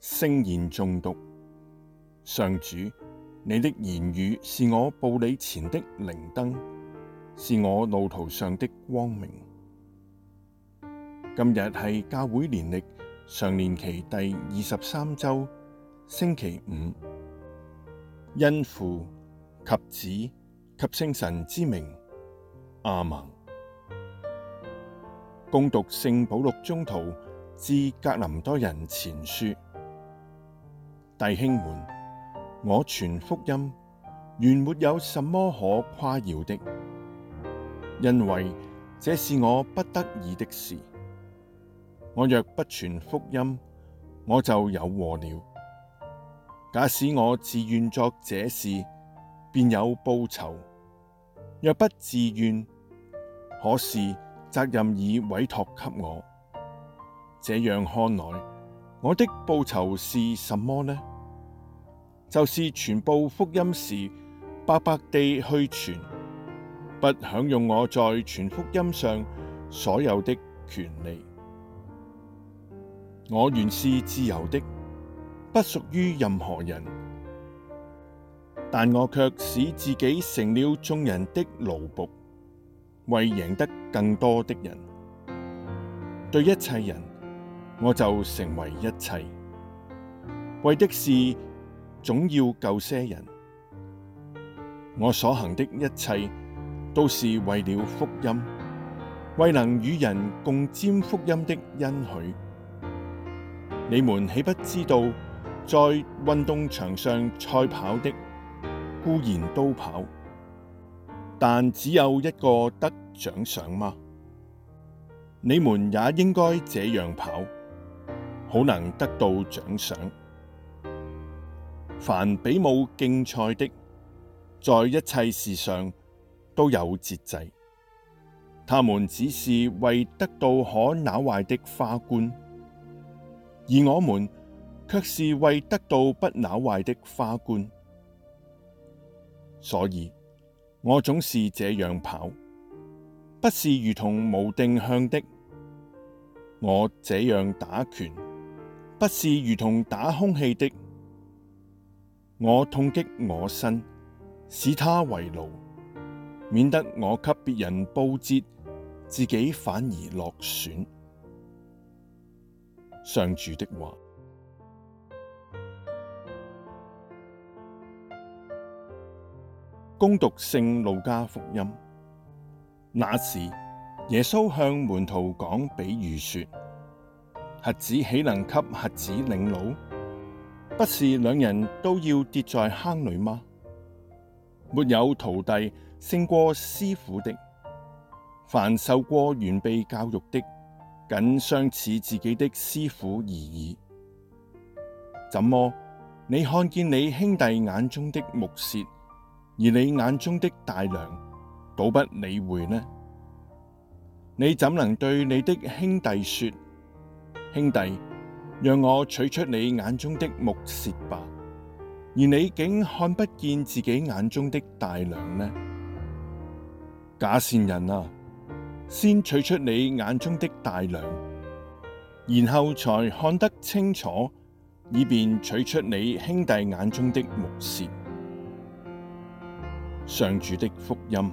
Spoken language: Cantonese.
聖言誦讀，上主，你的言語是我步你前的靈燈，是我路途上的光明。今日係教會年曆常年期第二十三周星期五，因父及子及聖神之名，阿們。恭讀聖保祿宗徒致格林多人前書。弟兄們，我傳福音，原沒有什麼可誇耀的，因為這是我不得已的事。我若不傳福音，我就有禍了。假使我自願作這事，便有報酬；若不自願，可是責任已委託給我。這樣看來。我的報酬是什麼呢？就是傳布福音時白白地去傳，不享用我在傳福音上所有的權利。我原是自由的，不屬於任何人，但我却使自己成了眾人的奴僕，為贏得更多的人，對一切人。我就成為一切，為的是總要救些人。我所行的一切，都是為了福音，為能與人共沾福音的恩許。你們豈不知道在運動場上賽跑的，固然都跑，但只有一個得獎賞嗎？你們也應該這樣跑。好能得到獎賞。凡比武競賽的，在一切事上都有節制，他們只是為得到可朽壞的花冠，而我們却是為得到不朽壞的花冠。所以，我總是這樣跑，不是如同無定向的。我這樣打拳。不是如同打空氣的，我痛擊我身，使他為奴，免得我給別人報捷，自己反而落選。上主的話。恭讀聖路加福音。那時，耶穌向門徒講比喻說。瞎子豈能給瞎子領路？不是兩人都要跌在坑裏嗎？沒有徒弟勝過師傅的，凡受過完備教育的，僅相似自己的師傅而已。怎麼，你看見你兄弟眼中的木屑，而你眼中的大樑，倒不理會呢？你怎能對你的兄弟說？兄弟，讓我取出你眼中的木屑吧，而你竟看不見自己眼中的大樑呢？假善人啊，先取出你眼中的大樑，然後才看得清楚，以便取出你兄弟眼中的木屑。上主的福音。